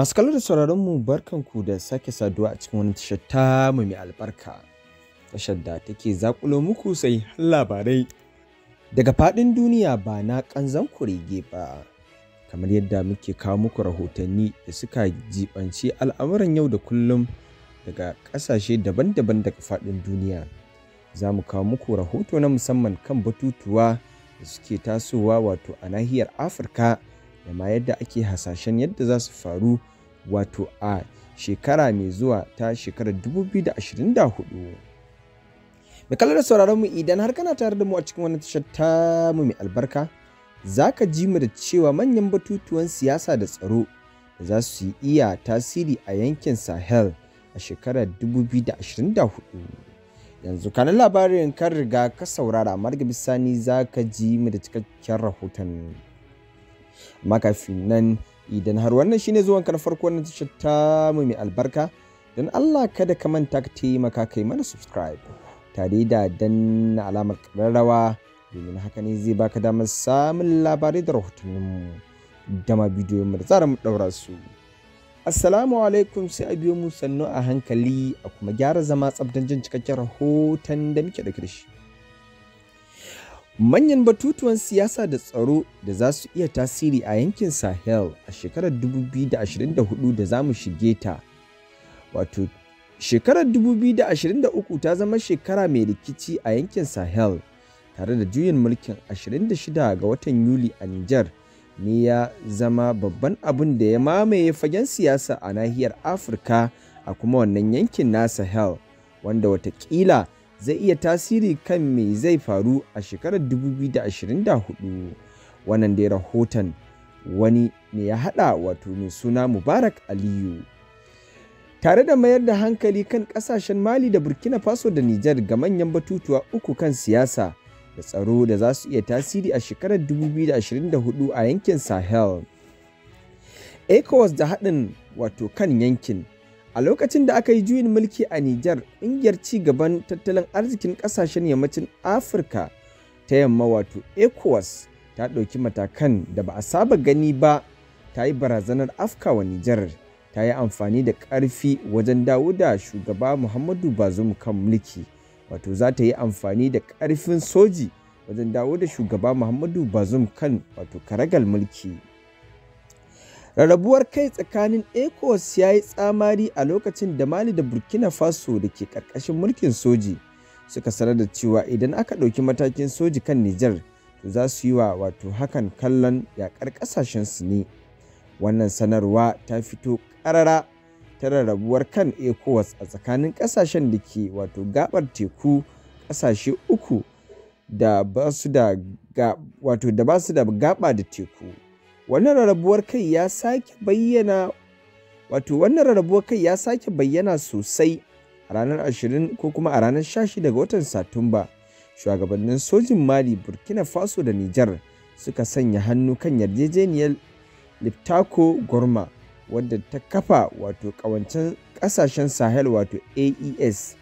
Masu kallon da sauraron mu barkanku da sake saduwa a cikin wani tashar ta mai albarka. Tashar da take zakulo muku sai labarai daga fadin duniya ba na kanzan kurege ba. Kamar yadda muke kawo muku rahotanni da suka jibanci al'amuran yau da kullum daga kasashe daban-daban daga fadin duniya. Za mu kawo muku rahoto na musamman kan batutuwa da suke tasowa wato a nahiyar Afirka. da ma yadda ake hasashen yadda za su faru wato a shekara mai zuwa ta shekarar 2024. Mai da sauraron mu idan har kana tare da mu a cikin wannan tashar ta mu mai albarka, za ka ji mu da cewa manyan batutuwan siyasa da tsaro da za su yi iya tasiri a yankin Sahel a shekarar 2024. Yanzu kanan labarin kan riga ka saurara marga bisani za ka ji mu da cikakken rahoton. amma nan idan har wannan shine zuwan kar farko na tashar ta mu mai albarka don Allah kada ka manta ka taimaka kai mana subscribe tare da danna alamar rarrawa domin haka ne zai baka damar samun labarai da rahotanninmu da ma bidiyon mu da tsara mu daura su assalamu alaikum sai a biyo mu sannu a hankali a kuma gyara zama tsabdan jin cikakken rahoton da muke da shi. Manyan batutuwan siyasa da tsaro da za su iya tasiri a yankin Sahel a shekarar 2024 da za mu shige ta. Wato, shekarar 2023 ta zama shekara mai rikici a yankin Sahel tare da juyin mulkin 26 ga watan Yuli a Nijar ne ya zama babban abin da ya mamaye fagen siyasa a nahiyar Afirka a kuma wannan yankin na Sahel wanda watakila zai iya tasiri kan me zai faru a shekarar 2024 wannan dai rahoton wani ne ya haɗa wato mai suna mubarak aliyu tare da mayar da hankali kan kasashen mali da burkina faso da nijar ga manyan batutuwa uku kan siyasa da tsaro da za su iya tasiri a shekarar 2024 a yankin sahel ecowas da haɗin wato kan yankin A lokacin da aka yi juyin mulki a Nijar, ƙungiyar ci gaban tattalin arzikin ƙasashen yammacin Afirka ta yamma wato ECOWAS ta ɗauki matakan da ba a saba gani ba ta yi barazanar afka wa Nijar ta yi amfani da ƙarfi wajen dawo da shugaba Muhammadu Bazoum kan mulki wato za ta yi amfani da ƙarfin soji wajen dawo da shugaba Muhammadu Bazoum kan wato karagal mulki. Rarrabuwar kai tsakanin ECOWAS ya yi tsamari a lokacin da Mali da Burkina Faso da ke ƙarƙashin mulkin soji suka sanar da cewa idan aka ɗauki matakin soji kan Nijar za su yi wa wato hakan kallon yaƙar su ne. Wannan sanarwa ta fito ƙarara ta rarrabuwar kan ECOWAS a tsakanin ƙasashen da ke wato gabar teku ƙasashe uku da ba su da gaba da teku. wannan rarrabuwar kai ya sake bayyana wato wannan rarrabuwar kai ya sake bayyana sosai a ranar 20 ko kuma a ranar 16 daga watan Satumba shugabannin sojin Mali Burkina Faso da Nijar suka sanya hannu kan yarjejeniyar Liptako Gorma wadda ta kafa wato ƙawancen ƙasashen Sahel wato AES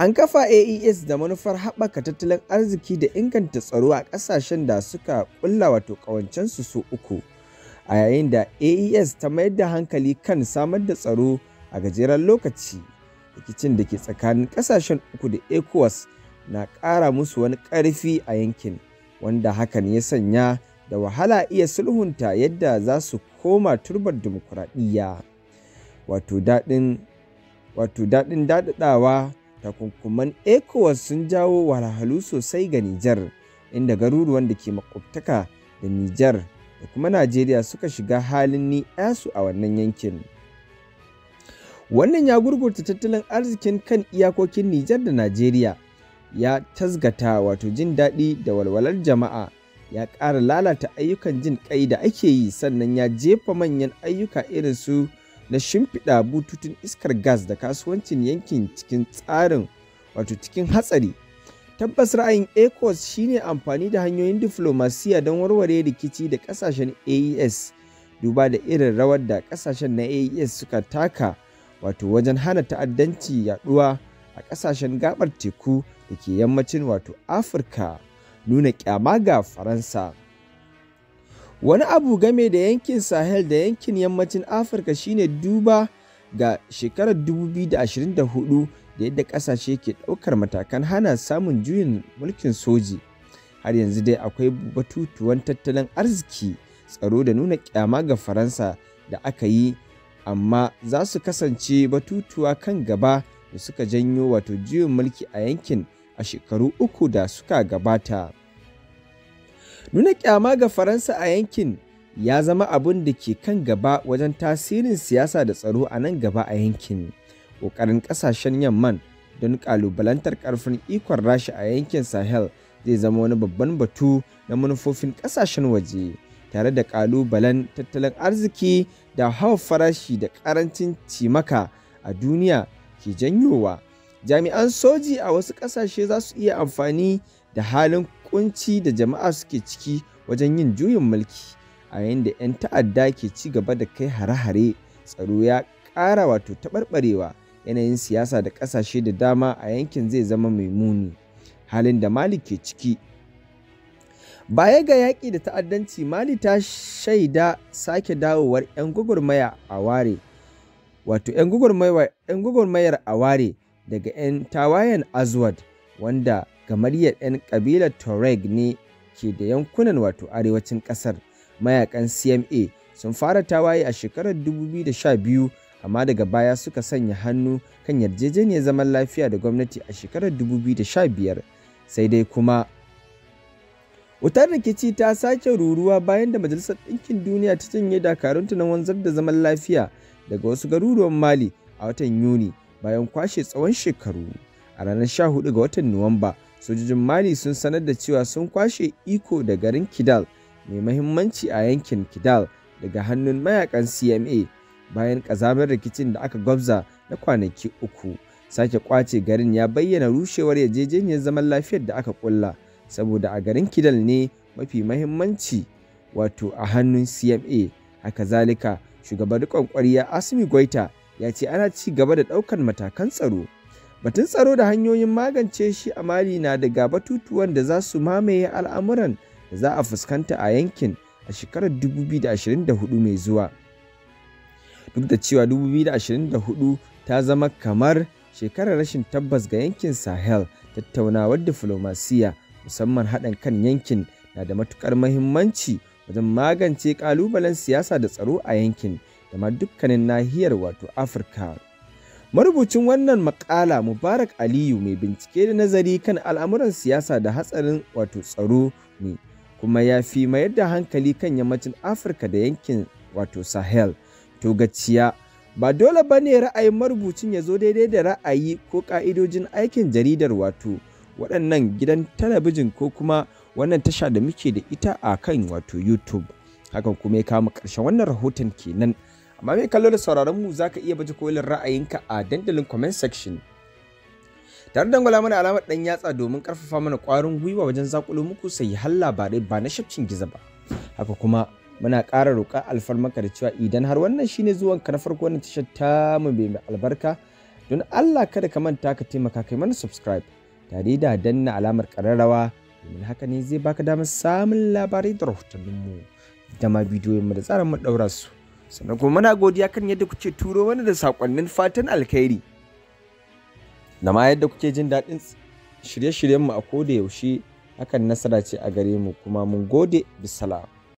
An kafa AES da manufar haɓaka tattalin arziki da inganta tsaro a ƙasashen da suka ƙulla wato ƙawancensu su uku, a yayin da AES ta mayar da hankali kan samar da tsaro a gajeren lokaci. Rikicin da ke tsakanin ƙasashen uku da ECOWAS na ƙara musu wani ƙarfi a yankin, wanda hakan ya sanya da wahala iya sulhunta yadda za su koma turbar dimokuraɗiyya. Wato daɗin daɗaɗawa takunkuman ecowas sun jawo wahalhalu sosai ga nijar inda garuruwan da ke makwabtaka da nijar da kuma najeriya suka shiga halin ni yasu a wannan yankin wannan ya gurgurta tattalin arzikin kan iyakokin nijar da najeriya ya tasgata wato jin daɗi da walwalar jama'a ya ƙara lalata ayyukan jin ƙai da ake yi sannan ya jefa manyan ayyuka irin su na shimfiɗa bututun iskar gas da kasuwancin yankin cikin tsarin wato cikin hatsari tabbas ra'ayin ecos shine amfani da hanyoyin diflomasiya don warware rikici da kasashen aes duba da irin rawar da kasashen na aes suka taka wato wajen hana ta'addanci yaduwa a kasashen gabar teku da ke yammacin wato afirka nuna kyama ga faransa Wani abu game da yankin Sahel da yankin Yammacin Afirka shine duba ga shekarar 2024 da yadda ƙasashe ke ɗaukar matakan hana samun juyin mulkin soji. Har yanzu dai akwai batutuwan tattalin arziki, tsaro da nuna ƙyama ga Faransa da aka yi, amma za su kasance batutuwa kan gaba da suka janyo wato juyin mulki a yankin a shekaru uku da suka gabata. Nuna kyama ga Faransa a yankin ya zama abin da ke kan gaba wajen tasirin siyasa da tsaro a nan gaba a yankin. Ƙoƙarin ƙasashen Yamman don ƙalubalantar ƙarfin ikon Rasha a yankin Sahel zai zama wani babban batu na manufofin ƙasashen waje, tare da ƙalubalen tattalin arziki da hawa farashi da ƙarancin cimaka a duniya ke janyowa. Jami'an soji a wasu ƙasashe za su iya amfani da halin Ƙunci da jama'a suke ciki wajen yin juyin mulki a yayin da 'yan ta'adda ke ci gaba da kai hare-hare tsaro ya ƙara wato taɓarɓarewa yanayin siyasa da ƙasashe da dama a yankin zai zama mai muni halin da mali ke ciki baya ga yaƙi da ta'addanci mali ta shaida sake dawowar 'yan gwagwarmaya a ware wato 'yan gwagwarmayar a ware daga 'yan tawayen azwad wanda kamar yadda 'yan ƙabilar Tuareg ne ke da yankunan wato arewacin ƙasar. Mayakan CMA sun fara tawaye a shekarar 2012 amma daga baya suka sanya hannu kan yarjejeniyar zaman lafiya da gwamnati a shekarar 2015 sai dai kuma wutar rikici ta sake ruruwa bayan da majalisar ɗinkin duniya ta janye dakarunta na wanzar da zaman lafiya daga wasu garuruwan mali a watan yuni bayan kwashe tsawon shekaru a ranar 14 ga watan nuwamba sojojin mali sun sanar da cewa sun kwashe iko da garin kidal mai mahimmanci a yankin kidal daga hannun mayakan cma bayan ƙazamar rikicin da aka gwabza na kwanaki uku sake kwace garin ya bayyana rushewar yajejeniyar zaman lafiyar da aka kulla saboda a garin kidal ne mafi mahimmanci wato a hannun cma haka zalika shugaban rikon ƙwarya asimi goita ya ce ana ci gaba da ɗaukar matakan tsaro Batun tsaro da hanyoyin magance shi a Mali na daga batutuwan da za su mamaye al'amuran da za a fuskanta a yankin a shekarar 2024 mai zuwa. Duk da cewa 2024 ta zama kamar shekarar rashin tabbas ga yankin Sahel, tattaunawar diflomasiya musamman haɗin kan yankin na da matuƙar mahimmanci wajen magance ƙalubalen siyasa da tsaro a yankin da ma dukkanin nahiyar wato Afirka. Marubucin wannan makala Mubarak Aliyu mai bincike da nazari kan al'amuran siyasa da hatsarin wato tsaro ne kuma ya fi mayar da hankali kan yammacin Afirka da yankin wato Sahel to gaciya ba dole ba ne ra'ayin marubucin ya zo daidai da ra'ayi ko ƙa'idojin aikin jaridar wato waɗannan gidan talabijin ko kuma wannan tasha da muke da ita a kan wato YouTube hakan kuma ya kama ƙarshen wannan rahoton kenan. amma mai kallo da sauraron mu zaka iya baje kolin ra'ayinka a dandalin comment section tare da dangwala mana alamar dan yatsa domin karfafa mana kwarin gwiwa wajen zakulo muku sai har labarai ba na shafcin giza ba haka kuma muna ƙara roƙa alfarmaka da cewa idan har wannan shine zuwan ka na farko wannan tashar ta mu mai albarka don Allah kada ka manta ka taimaka kai mana subscribe tare da danna alamar ƙararrawa domin haka ne zai baka damar samun labarai da rahotannin mu da ma bidiyoyin mu da tsarin mu daura su sannan kuma muna godiya kan yadda kuke turo mana da sakonnin fatan alkhairi da ma yadda kuke jin daɗin shirye-shiryenmu a koda yaushe hakan nasara ce a gare mu kuma mun gode bisalam